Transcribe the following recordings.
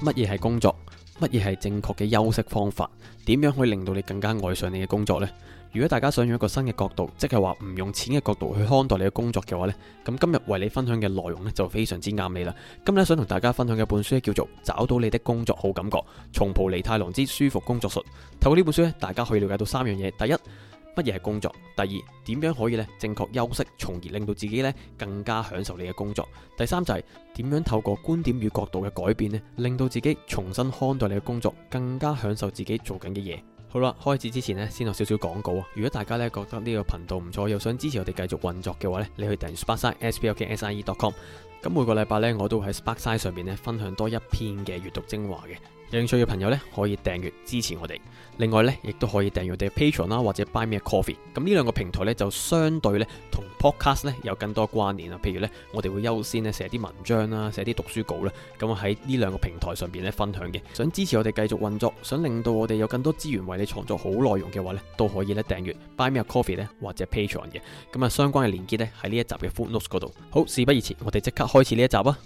乜嘢係工作？乜嘢係正確嘅休息方法？點樣可以令到你更加愛上你嘅工作呢？如果大家想用一個新嘅角度，即係話唔用錢嘅角度去看待你嘅工作嘅話呢，咁今日為你分享嘅內容呢就非常之啱你啦。今日想同大家分享嘅本書叫做《找到你的工作好感覺》，松浦彌太郎之舒服工作術。透過呢本書，大家可以了解到三樣嘢。第一。乜嘢係工作？第二，點樣可以咧正確休息，從而令到自己咧更加享受你嘅工作？第三就係、是、點樣透過觀點與角度嘅改變咧，令到自己重新看待你嘅工作，更加享受自己做緊嘅嘢。好啦，開始之前呢先有少少廣告啊！如果大家咧覺得呢個頻道唔錯，又想支持我哋繼續運作嘅話咧，你去訂 subscribe.sire.com。咁每個禮拜咧，我都會喺 SparkSize 上邊咧分享多一篇嘅閱讀精華嘅。有興趣嘅朋友咧，可以訂閱支持我哋。另外咧，亦都可以訂閱我哋 Patreon 啦，或者 Buy Me a Coffee。咁呢兩個平台咧，就相對咧同 Podcast 咧有更多關聯啊。譬如咧，我哋會優先咧寫啲文章啦，寫啲讀書稿啦。咁我喺呢兩個平台上邊咧分享嘅。想支持我哋繼續運作，想令到我哋有更多資源為你創作好內容嘅話咧，都可以咧訂閱 Buy Me a Coffee 咧或者 Patreon 嘅。咁啊，相關嘅連結咧喺呢一集嘅 Full Notes 嗰度。好，事不宜遲，我哋即刻。開始呢一集啊！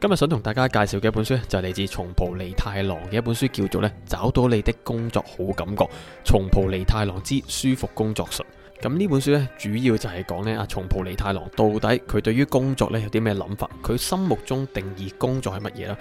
今日想同大家介紹嘅一本書，就係嚟自松浦彌太郎嘅一本書，叫做咧找到你的工作好感覺。松浦彌太郎之舒服工作術。咁呢本書咧，主要就係講咧阿松浦利太郎到底佢對於工作咧有啲咩諗法，佢心目中定義工作係乜嘢啦，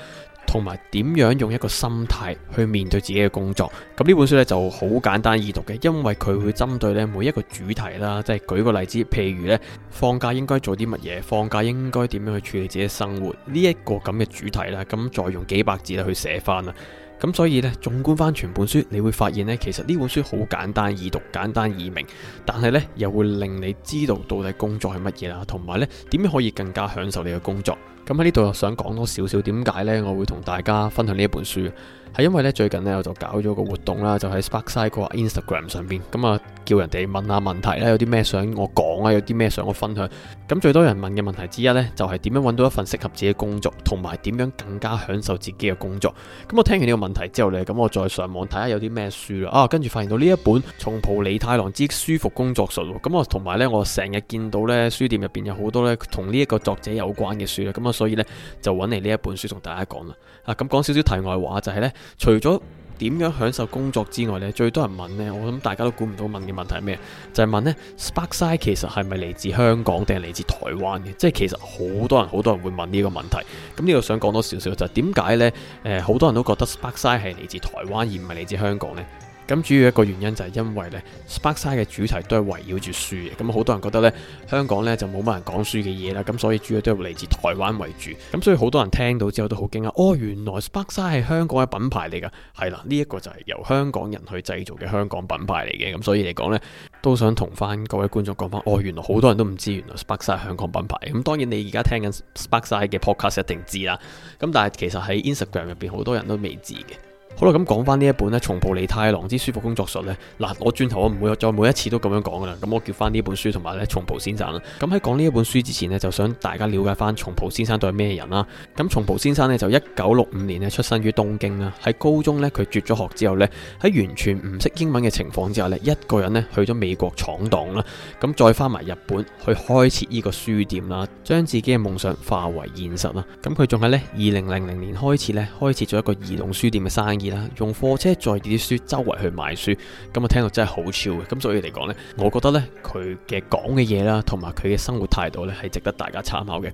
同埋點樣用一個心態去面對自己嘅工作。咁呢本書咧就好簡單易讀嘅，因為佢會針對咧每一個主題啦，即係舉個例子，譬如咧放假應該做啲乜嘢，放假應該點樣去處理自己生活呢一個咁嘅主題啦，咁再用幾百字咧去寫翻啦。咁所以咧，縱觀翻全本書，你會發現咧，其實呢本書好簡單易讀，簡單易明，但係咧，又會令你知道到底工作係乜嘢啦，同埋咧，點樣可以更加享受你嘅工作。咁喺呢度又想講多少少點解呢？我會同大家分享呢一本書，係因為呢，最近呢，我就搞咗個活動啦，就喺 Sparkside Instagram 上面。咁我叫人哋問下問題啦，有啲咩想我講啊，有啲咩想我分享。咁最多人問嘅問題之一呢，就係點樣揾到一份適合自己嘅工作，同埋點樣更加享受自己嘅工作。咁我聽完呢個問題之後呢，咁我再上網睇下有啲咩書啦、啊。啊，跟住發現到呢一本《從蒲李太郎之舒服工作術》。咁我同埋呢，我成日見到呢，書店入面有好多呢，同呢一個作者有關嘅書啦。咁我。所以咧就揾嚟呢一本書同大家講啦，啊咁講少少題外話就係咧，除咗點樣享受工作之外咧，最多人問咧，我諗大家都估唔到問嘅問題係咩？就係問咧，Sparkside 其實係咪嚟自香港定係嚟自台灣嘅？即係其實好多人好多人會問呢個問題。咁呢度想講多少少就係點解咧？誒，好多人都覺得 Sparkside 係嚟自台灣而唔係嚟自香港咧。咁主要一個原因就係因為呢 Sparkside 嘅主題都係圍繞住書嘅，咁好多人覺得呢，香港呢就冇乜人講書嘅嘢啦，咁所以主要都係嚟自台灣為主，咁所以好多人聽到之後都好驚訝！哦，原來 Sparkside 係香港嘅品牌嚟噶，係啦，呢一個就係由香港人去製造嘅香港品牌嚟嘅，咁所以嚟講呢，都想同翻各位觀眾講翻，哦，原來好多人都唔知原來 Sparkside 係香港品牌，咁當然你而家聽緊 Sparkside 嘅 podcast 一定知啦，咁但係其實喺 Instagram 入面，好多人都未知嘅。好啦，咁講翻呢一本呢，《松浦利太郎之舒服工作術》呢。嗱，我轉頭我唔會再每一次都咁樣講噶啦。咁我叫翻呢本書同埋呢松浦先生啦。咁喺講呢一本書之前呢，就想大家了解翻松浦先生都係咩人啦。咁松浦先生呢，就一九六五年呢，出身於東京啦。喺高中呢，佢絕咗學之後呢，喺完全唔識英文嘅情況之下呢，一個人呢，去咗美國闖蕩啦。咁再翻埋日本去開設呢個書店啦，將自己嘅夢想化為現實啦。咁佢仲係呢，二零零零年開始呢，開設咗一個移動書店嘅生意。用貨車載住啲書周圍去賣書，咁啊，聽到真係好超嘅。咁所以嚟講呢，我覺得呢，佢嘅講嘅嘢啦，同埋佢嘅生活態度呢，係值得大家參考嘅。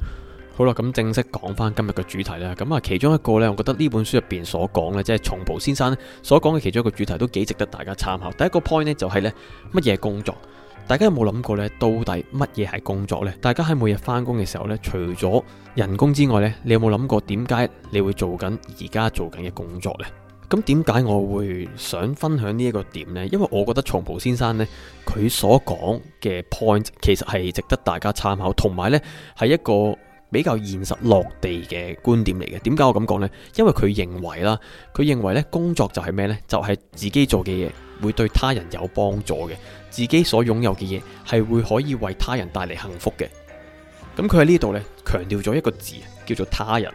好啦，咁正式講翻今日嘅主題啦。咁啊，其中一個呢，我覺得呢本書入邊所講嘅，即係松浦先生呢所講嘅其中一個主題都幾值得大家參考。第一個 point 呢，就係呢：乜嘢工作？大家有冇諗過呢？到底乜嘢係工作呢？大家喺每日翻工嘅時候呢，除咗人工之外呢，你有冇諗過點解你會做緊而家做緊嘅工作呢？咁點解我會想分享呢一個點呢？因為我覺得松浦先生呢，佢所講嘅 point 其實係值得大家參考，同埋呢係一個比較現實落地嘅觀點嚟嘅。點解我咁講呢？因為佢認為啦，佢認為呢工作就係咩呢？就係自己做嘅嘢會對他人有幫助嘅，自己所擁有嘅嘢係會可以為他人帶嚟幸福嘅。咁佢喺呢度呢，強調咗一個字，叫做他人。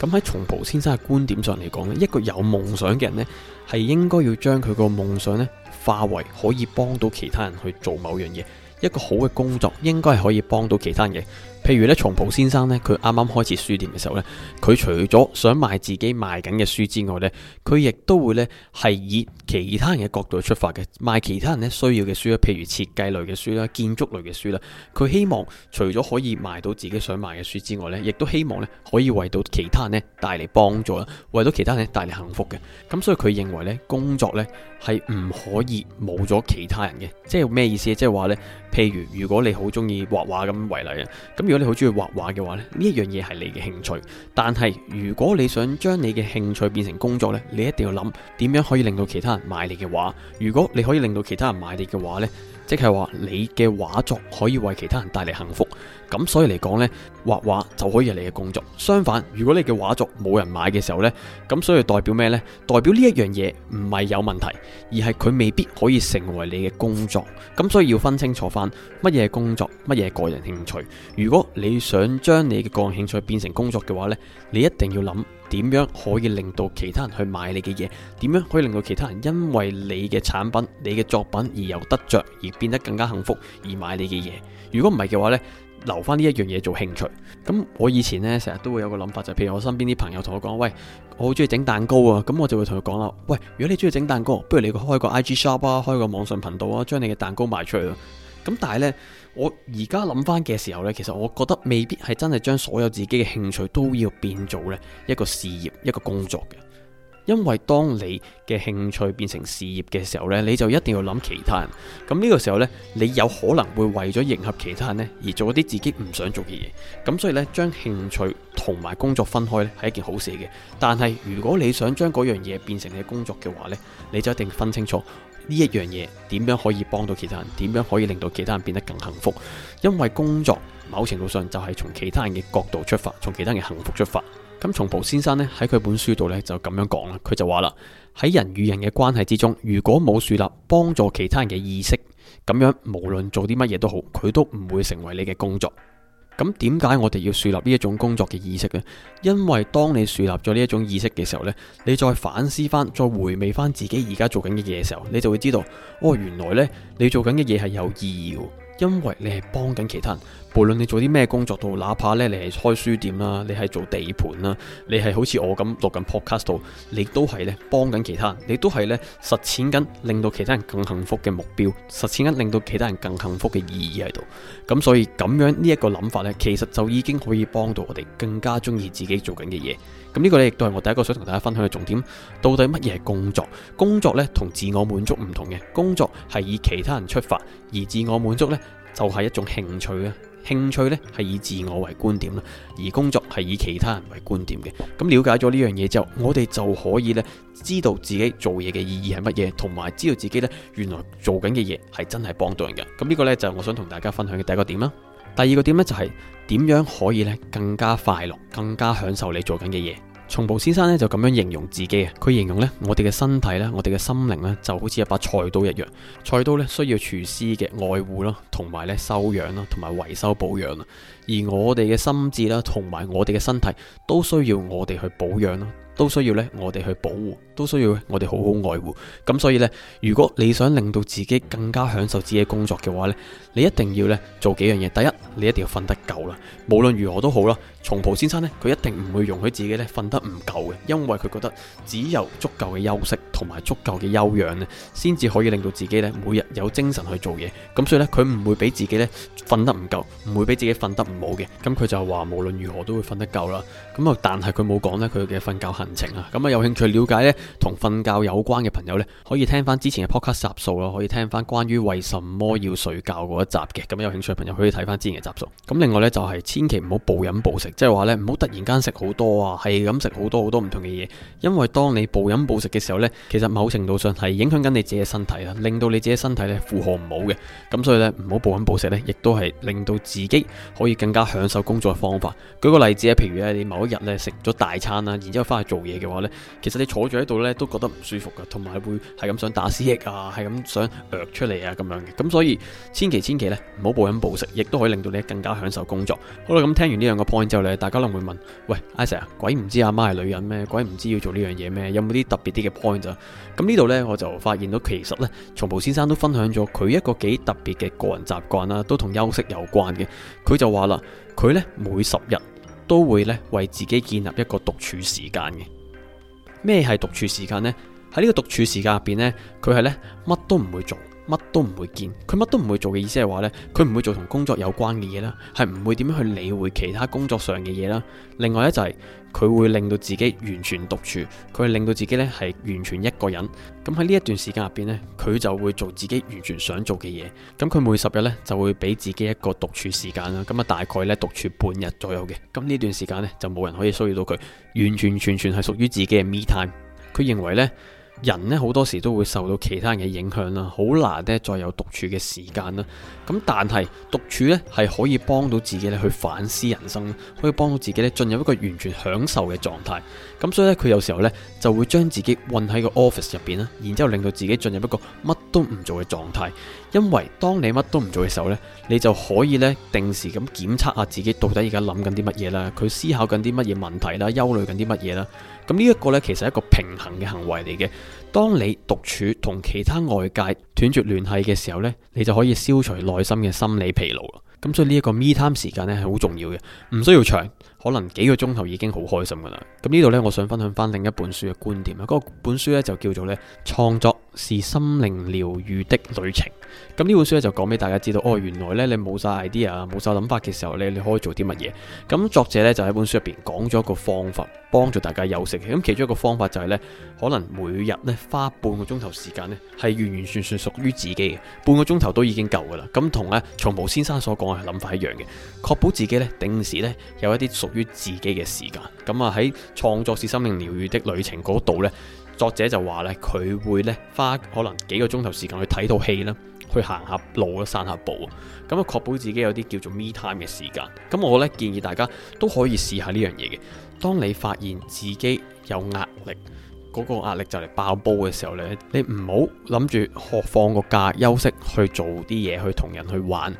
咁喺松浦先生嘅觀點上嚟講呢，一個有夢想嘅人呢，係應該要將佢個夢想呢化為可以幫到其他人去做某樣嘢。一個好嘅工作應該係可以幫到其他嘢。譬如咧，松浦先生咧，佢啱啱開始書店嘅時候咧，佢除咗想賣自己賣緊嘅書之外咧，佢亦都會咧係以其他人嘅角度出發嘅，賣其他人咧需要嘅書啦，譬如設計類嘅書啦、建築類嘅書啦。佢希望除咗可以賣到自己想賣嘅書之外咧，亦都希望咧可以為到其他人咧帶嚟幫助啦，為到其他人帶嚟幸福嘅。咁所以佢認為咧，工作咧係唔可以冇咗其他人嘅，即係咩意思？即係話咧。譬如，如果你好中意畫畫咁為例啊，咁如果你好中意畫畫嘅話咧，呢一樣嘢係你嘅興趣。但係，如果你想將你嘅興趣變成工作呢，你一定要諗點樣可以令到其他人買你嘅畫。如果你可以令到其他人買你嘅畫呢即係話你嘅畫作可以為其他人帶嚟幸福，咁所以嚟講呢，畫畫就可以係你嘅工作。相反，如果你嘅畫作冇人買嘅時候呢，咁所以代表咩呢？代表呢一樣嘢唔係有問題，而係佢未必可以成為你嘅工作。咁所以要分清楚翻乜嘢工作，乜嘢個人興趣。如果你想將你嘅個人興趣變成工作嘅話呢，你一定要諗。點樣可以令到其他人去買你嘅嘢？點樣可以令到其他人因為你嘅產品、你嘅作品而有得着，而變得更加幸福而買你嘅嘢？如果唔係嘅話呢，留翻呢一樣嘢做興趣。咁我以前呢，成日都會有個諗法，就係譬如我身邊啲朋友同我講，喂，我好中意整蛋糕啊，咁我就會同佢講啦，喂，如果你中意整蛋糕，不如你開個 IG Shop 啊，開個網上頻道啊，將你嘅蛋糕賣出去。咁但係呢。我而家諗翻嘅時候呢，其實我覺得未必係真係將所有自己嘅興趣都要變做呢一個事業一個工作嘅，因為當你嘅興趣變成事業嘅時候呢，你就一定要諗其他人。咁呢個時候呢，你有可能會為咗迎合其他人呢，而做一啲自己唔想做嘅嘢。咁所以呢，將興趣同埋工作分開呢，係一件好事嘅。但係如果你想將嗰樣嘢變成你工作嘅話呢，你就一定分清楚。呢一樣嘢點樣可以幫到其他人？點樣可以令到其他人變得更幸福？因為工作某程度上就係從其他人嘅角度出發，從其他人嘅幸福出發。咁松浦先生呢，喺佢本書度呢，就咁樣講啦，佢就話啦：喺人與人嘅關係之中，如果冇樹立幫助其他人嘅意識，咁樣無論做啲乜嘢都好，佢都唔會成為你嘅工作。咁點解我哋要樹立呢一種工作嘅意識呢？因為當你樹立咗呢一種意識嘅時候呢，你再反思翻、再回味翻自己而家做緊嘅嘢嘅時候，你就會知道，哦，原來呢，你做緊嘅嘢係有意義嘅。因為你係幫緊其他人，無論你做啲咩工作到，哪怕咧你係開書店啦，你係做地盤啦，你係好似我咁錄緊 podcast 度，Pod cast, 你都係咧幫緊其他人，你都係咧實踐緊令到其他人更幸福嘅目標，實踐緊令到其他人更幸福嘅意義喺度。咁所以咁樣呢一個諗法咧，其實就已經可以幫到我哋更加中意自己做緊嘅嘢。咁呢個咧，亦都係我第一個想同大家分享嘅重點。到底乜嘢係工作？工作呢，同自我滿足唔同嘅。工作係以其他人出發，而自我滿足呢，就係一種興趣啊。興趣呢，係以自我為觀點啦，而工作係以其他人為觀點嘅。咁了解咗呢樣嘢之後，我哋就可以呢，知道自己做嘢嘅意義係乜嘢，同埋知道自己呢，原來做緊嘅嘢係真係幫到人嘅。咁呢個呢，就係我想同大家分享嘅第一個點啦。第二個點咧，就係、是、點樣可以咧，更加快樂、更加享受你做緊嘅嘢。松浦先生咧，就咁樣形容自己啊，佢形容咧，我哋嘅身體咧，我哋嘅心靈咧就好似一把菜刀一樣，菜刀咧，需要廚師嘅愛護啦，同埋咧，修養啦，同埋維修保養啊。而我哋嘅心智啦，同埋我哋嘅身體都需要我哋去保養咯。都需要咧，我哋去保護，都需要我哋好好愛護。咁所以呢，如果你想令到自己更加享受自己嘅工作嘅話呢，你一定要呢做幾樣嘢。第一，你一定要瞓得夠啦。無論如何都好啦，松浦先生呢，佢一定唔會容許自己呢瞓得唔夠嘅，因為佢覺得只有足夠嘅休息同埋足夠嘅休養呢，先至可以令到自己呢每日有精神去做嘢。咁所以呢，佢唔會俾自己呢瞓得唔夠，唔會俾自己瞓得唔好嘅。咁佢就話無論如何都會瞓得夠啦。咁啊，但係佢冇講呢，佢嘅瞓覺行程啊。咁啊，有興趣了解呢同瞓覺有關嘅朋友呢，可以聽翻之前嘅 Podcast 集數咯。可以聽翻關於為什麼要睡覺嗰一集嘅。咁有興趣嘅朋友可以睇翻之前嘅集數。咁另外呢，就係千祈唔好暴飲暴食，即係話呢，唔好突然間食好多啊，係咁食好多好多唔同嘅嘢。因為當你暴飲暴食嘅時候呢，其實某程度上係影響緊你自己嘅身體啦，令到你自己身體呢負荷唔好嘅。咁所以呢，唔好暴飲暴食呢，亦都係令到自己可以更加享受工作嘅方法。舉個例子啊，譬如你某日咧食咗大餐啦，然之後翻去做嘢嘅話呢，其實你坐咗喺度呢，都覺得唔舒服噶，同埋會係咁想打思噎啊，係咁想呃出嚟啊，咁樣嘅。咁所以千祈千祈呢，唔好暴飲暴食，亦都可以令到你更加享受工作。好啦，咁聽完呢兩個 point 之後呢，大家可能會問：喂，阿 Sir 啊，鬼唔知阿媽係女人咩？鬼唔知要做呢樣嘢咩？有冇啲特別啲嘅 point 啊？咁呢度呢，我就發現到其實呢，從僕先生都分享咗佢一個幾特別嘅個人習慣啦，都同休息有關嘅。佢就話啦，佢呢，每十日。都會咧為自己建立一個獨處時間嘅。咩係獨處時間呢？喺呢個獨處時間入邊咧，佢係咧乜都唔會做。乜都唔會見，佢乜都唔會做嘅意思係話呢，佢唔會做同工作有關嘅嘢啦，係唔會點樣去理會其他工作上嘅嘢啦。另外呢、就是，就係佢會令到自己完全獨處，佢係令到自己呢係完全一個人。咁喺呢一段時間入邊呢，佢就會做自己完全想做嘅嘢。咁佢每十日呢就會俾自己一個獨處時間啦。咁啊大概呢，獨處半日左右嘅。咁呢段時間呢，就冇人可以騷擾到佢，完完全全係屬於自己嘅 me time。佢認為咧。人咧，好多時都會受到其他人嘅影響啦，好難咧再有獨處嘅時間啦。咁但係獨處咧，係可以幫到自己咧去反思人生，可以幫到自己咧進入一個完全享受嘅狀態。咁所以咧佢有時候咧就會將自己困喺個 office 入邊啦，然之後令到自己進入一個乜都唔做嘅狀態。因為當你乜都唔做嘅時候咧，你就可以咧定時咁檢測下自己到底而家諗緊啲乜嘢啦，佢思考緊啲乜嘢問題啦，憂慮緊啲乜嘢啦。咁呢一個呢，其實係一個平衡嘅行為嚟嘅。當你獨處同其他外界斷絕聯繫嘅時候呢，你就可以消除內心嘅心理疲勞咯。咁所以呢一個 me time 時間呢，係好重要嘅，唔需要長。可能幾個鐘頭已經好開心㗎啦。咁呢度呢，我想分享翻另一本書嘅觀點啦。嗰、那個、本書呢，就叫做呢《創作是心靈療癒的旅程》。咁呢本書呢，就講俾大家知道，哦，原來呢，你冇晒 idea、冇晒諗法嘅時候，呢，你可以做啲乜嘢？咁作者呢，就喺本書入面講咗一個方法，幫助大家休息嘅。咁其中一個方法就係、是、呢，可能每日呢，花半個鐘頭時，時間呢，係完完全全屬於自己嘅，半個鐘頭都已經夠㗎啦。咁同呢，從毛先生所講嘅諗法一樣嘅，確保自己呢，定時呢，有一啲於自己嘅時間，咁啊，喺創作是心靈療癒的旅程嗰度咧，作者就話咧佢會咧花可能幾個鐘頭時間去睇套戲啦，去行下路啦，散下步，咁啊，確保自己有啲叫做 me time 嘅時間。咁我咧建議大家都可以試下呢樣嘢嘅。當你發現自己有壓力，嗰個壓力就嚟，爆煲嘅時候咧，你唔好諗住學放個假休息，去做啲嘢去同人去玩。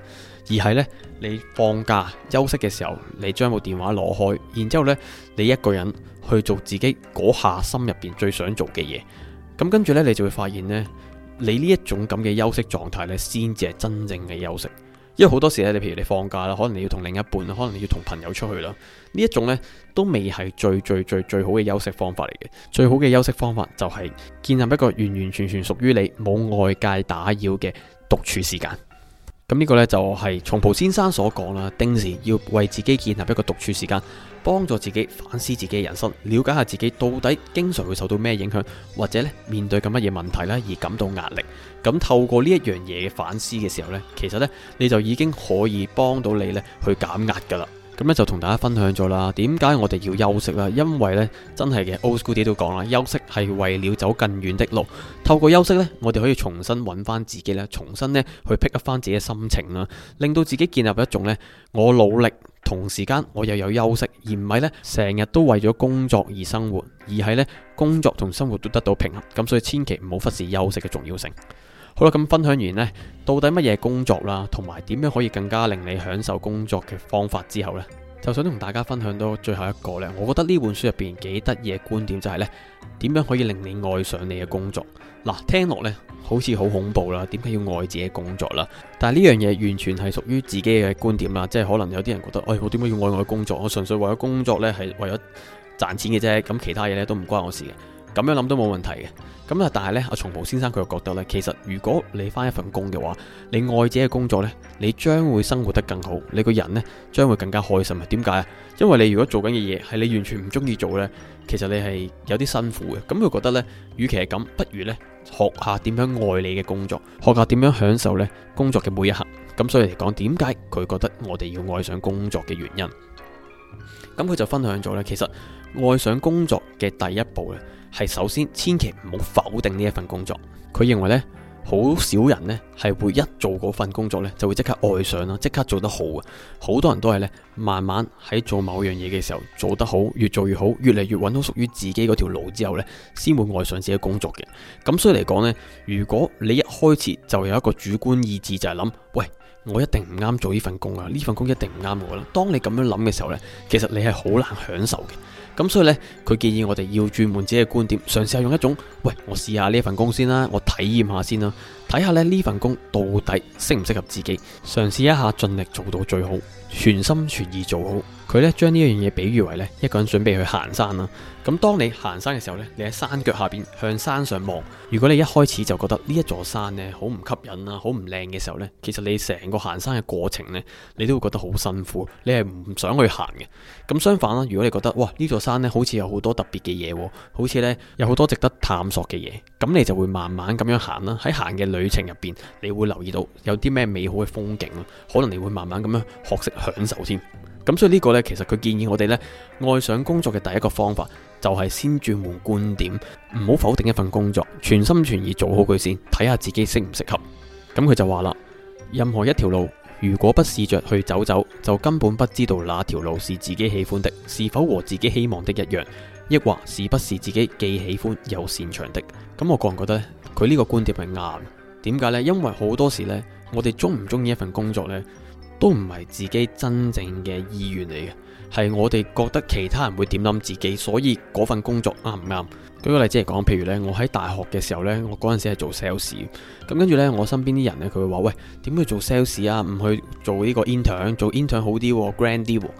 而係呢，你放假休息嘅時候，你將部電話攞開，然之後呢，你一個人去做自己嗰下心入邊最想做嘅嘢。咁跟住呢，你就會發現呢，你呢一種咁嘅休息狀態呢，先至係真正嘅休息。因為好多時咧，你譬如你放假啦，可能你要同另一半，可能你要同朋友出去啦，呢一種呢，都未係最最最最好嘅休息方法嚟嘅。最好嘅休息方法就係建立一個完完全全屬於你、冇外界打擾嘅獨處時間。咁呢個呢，就係松浦先生所講啦，定時要為自己建立一個獨處時間，幫助自己反思自己嘅人生，了解下自己到底經常會受到咩影響，或者面對緊乜嘢問題啦而感到壓力。咁透過呢一樣嘢反思嘅時候呢，其實呢，你就已經可以幫到你呢去減壓噶啦。咁咧就同大家分享咗啦。點解我哋要休息啦？因為呢，真係嘅 Old School 都講啦，休息係為了走更遠的路。透過休息呢，我哋可以重新揾翻自己啦，重新呢去 pick up 翻自己嘅心情啦，令到自己建立一種呢，我努力同時間我又有休息，而唔係呢，成日都為咗工作而生活，而係呢，工作同生活都得到平衡。咁所以千祈唔好忽視休息嘅重要性。好啦，咁分享完呢，到底乜嘢工作啦，同埋點樣可以更加令你享受工作嘅方法之後呢，就想同大家分享到最後一個呢。我覺得呢本書入邊幾得意嘅觀點就係呢：點樣可以令你愛上你嘅工作。嗱，聽落呢好似好恐怖啦，點解要愛自己嘅工作啦？但係呢樣嘢完全係屬於自己嘅觀點啦，即係可能有啲人覺得，哎，我點解要愛我嘅工作？我純粹為咗工作呢，係為咗賺錢嘅啫，咁其他嘢呢都唔關我事嘅。咁樣諗都冇問題嘅，咁啊，但係呢，阿松寶先生佢又覺得呢，其實如果你翻一份工嘅話，你愛自己嘅工作呢，你將會生活得更好，你個人呢，將會更加開心啊！點解啊？因為你如果做緊嘅嘢係你完全唔中意做呢，其實你係有啲辛苦嘅。咁佢覺得呢，與其係咁，不如呢，學下點樣愛你嘅工作，學下點樣享受呢工作嘅每一刻。咁所以嚟講，點解佢覺得我哋要愛上工作嘅原因？咁佢就分享咗呢，其實愛上工作嘅第一步呢係首先，千祈唔好否定呢一份工作。佢認為呢，好少人呢係會一做嗰份工作呢就會即刻愛上啦，即刻做得好啊！好多人都係呢，慢慢喺做某樣嘢嘅時候做得好，越做越好，越嚟越揾到屬於自己嗰條路之後呢，先會愛上自己工作嘅。咁所以嚟講呢，如果你一開始就有一個主觀意志就係諗，喂，我一定唔啱做呢份工啊，呢份工一定唔啱我啦。當你咁樣諗嘅時候呢，其實你係好難享受嘅。咁所以呢，佢建議我哋要轉換自己嘅觀點，嘗試下用一種，喂，我試下呢份工先啦，我體驗下先啦，睇下咧呢份工到底適唔適合自己，嘗試一下盡力做到最好，全心全意做好。佢咧將呢樣嘢比喻為呢一個人準備去行山啦。咁當你行山嘅時候呢，你喺山腳下邊向山上望。如果你一開始就覺得呢一座山呢好唔吸引啊，好唔靚嘅時候呢，其實你成個行山嘅過程呢你都會覺得好辛苦，你係唔想去行嘅。咁相反啦，如果你覺得哇，呢座山呢好似有好多特別嘅嘢喎，好似呢有好多值得探索嘅嘢，咁你就會慢慢咁樣行啦。喺行嘅旅程入邊，你會留意到有啲咩美好嘅風景，可能你會慢慢咁樣學識享受添。咁所以呢個呢，其實佢建議我哋呢，愛上工作嘅第一個方法，就係先轉換觀點，唔好否定一份工作，全心全意做好佢先，睇下自己適唔適合。咁佢就話啦，任何一條路，如果不試着去走走，就根本不知道哪條路是自己喜歡的，是否和自己希望的一樣，亦或是不是自己既喜歡又擅長的。咁我個人覺得佢呢個觀點係啱，點解呢？因為好多時呢，我哋中唔中意一份工作呢，都唔係自己真正嘅意願嚟嘅，係我哋覺得其他人會點諗自己，所以嗰份工作啱唔啱？舉個例子嚟講，譬如咧，我喺大學嘅時候咧，我嗰陣時係做 sales。咁跟住咧，我身邊啲人咧，佢會話：喂，點去做 sales 啊？唔去做呢個 intern，做 intern 好啲，grand 啲。咁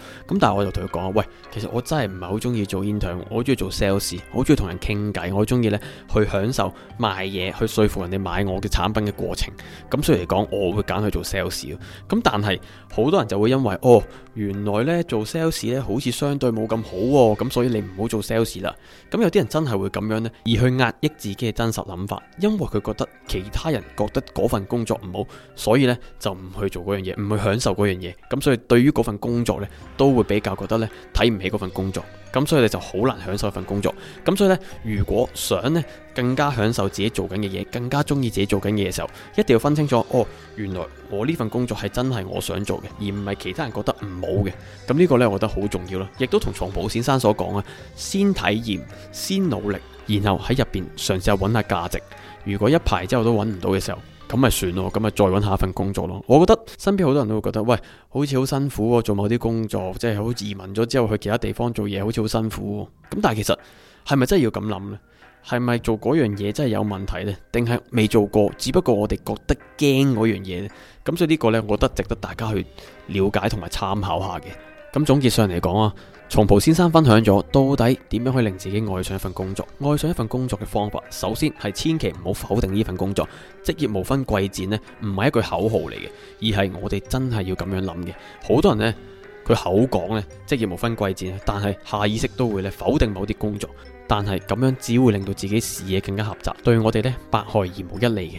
但係我就同佢講：喂，其實我真係唔係好中意做 intern，我好中意做 sales，好中意同人傾偈，我中意咧去享受賣嘢，去說服人哋買我嘅產品嘅過程。咁所以嚟講，我會揀去做 sales。咁但係好多人就會因為：哦，原來咧做 sales 咧好似相對冇咁好喎。咁所以你唔好做 sales 啦。咁有啲人真係會。咁樣呢，而去壓抑自己嘅真實諗法，因為佢覺得其他人覺得嗰份工作唔好，所以呢就唔去做嗰樣嘢，唔去享受嗰樣嘢，咁所以對於嗰份工作呢，都會比較覺得呢睇唔起嗰份工作。咁所以你就好難享受一份工作。咁所以呢，如果想呢更加享受自己做緊嘅嘢，更加中意自己做緊嘅嘢嘅時候，一定要分清楚，哦，原來我呢份工作係真係我想做嘅，而唔係其他人覺得唔好嘅。咁呢個呢，我覺得好重要啦。亦都同藏寶先生所講啊，先體驗，先努力，然後喺入邊嘗試下揾下價值。如果一排之後都揾唔到嘅時候，咁咪算咯，咁咪再搵下一份工作咯。我覺得身邊好多人都會覺得，喂，好似好辛苦啊，做某啲工作，即係好移民咗之後去其他地方做嘢，好似好辛苦啊。咁但係其實係咪真係要咁諗呢？係咪做嗰樣嘢真係有問題呢？定係未做過，只不過我哋覺得驚嗰樣嘢呢。咁所以呢個呢，我覺得值得大家去了解同埋參考下嘅。咁總結上嚟講啊。松浦先生分享咗到底點樣可以令自己愛上一份工作？愛上一份工作嘅方法，首先係千祈唔好否定呢份工作。職業無分貴賤呢，唔係一句口號嚟嘅，而係我哋真係要咁樣諗嘅。好多人呢，佢口講咧職業無分貴賤，但係下意識都會咧否定某啲工作，但係咁樣只會令到自己視野更加狹窄，對我哋呢，百害而無一利嘅。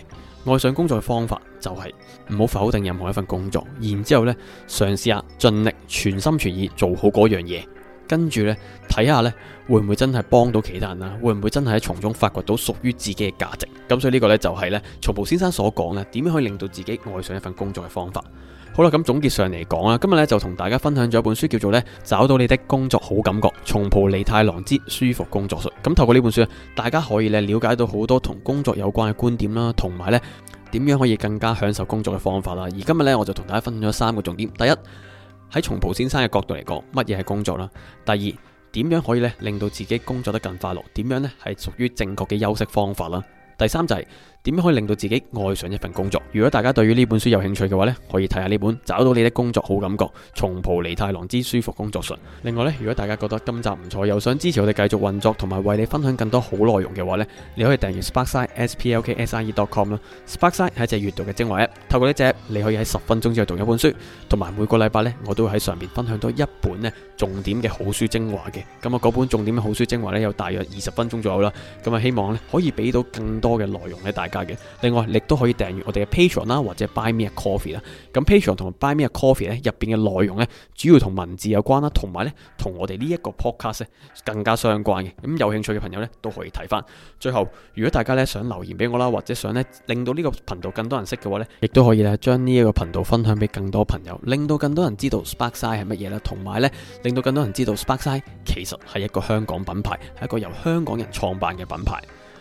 愛上工作嘅方法就係唔好否定任何一份工作，然之後咧嘗試下盡力全心全意做好嗰樣嘢。跟住呢，睇下呢會唔會真係幫到其他人啦？會唔會真係喺從中發掘到屬於自己嘅價值？咁所以呢個呢，就係呢，松浦先生所講呢，點樣可以令到自己愛上一份工作嘅方法。好啦，咁總結上嚟講啦，今日呢，就同大家分享咗一本書，叫做呢，找到你的工作好感覺——松浦彌太郎之舒服工作術。咁透過呢本書，大家可以咧了解到好多同工作有關嘅觀點啦，同埋呢，點樣可以更加享受工作嘅方法啦。而今日呢，我就同大家分享咗三個重點。第一。喺松浦先生嘅角度嚟講，乜嘢係工作啦？第二，點樣可以咧令到自己工作得更快樂？點樣咧係屬於正確嘅休息方法啦？第三就係、是。點樣可以令到自己愛上一份工作？如果大家對於呢本書有興趣嘅話呢，可以睇下呢本《找到你的工作好感覺：松浦彌太郎之舒服工作術》。另外呢，如果大家覺得今集唔錯，又想支持我哋繼續運作，同埋為你分享更多好內容嘅話呢，你可以訂閱 Sparkside SP s p l k s i e dot com 啦。Sparkside 係一隻閱讀嘅精華 App，透過呢隻 app，你可以喺十分鐘之後讀一本書，同埋每個禮拜呢，我都會喺上面分享多一本重點嘅好書精華嘅。咁啊，嗰本重點嘅好書精華呢，有大約二十分鐘左右啦。咁啊，希望呢，可以俾到更多嘅內容咧，大。另外，亦都可以訂閱我哋嘅 Patreon 啦，或者 Buy Me a Coffee 啦。咁 Patreon 同埋 Buy Me a Coffee 咧，入邊嘅內容咧，主要同文字有關啦，同埋咧，同我哋呢一個 Podcast 咧更加相關嘅。咁有興趣嘅朋友咧都可以睇翻。最後，如果大家咧想留言俾我啦，或者想咧令到呢個頻道更多人識嘅話咧，亦都可以咧將呢一個頻道分享俾更多朋友，令到更多人知道 Sparkside 係乜嘢啦，同埋咧令到更多人知道 Sparkside 其實係一個香港品牌，係一個由香港人創辦嘅品牌。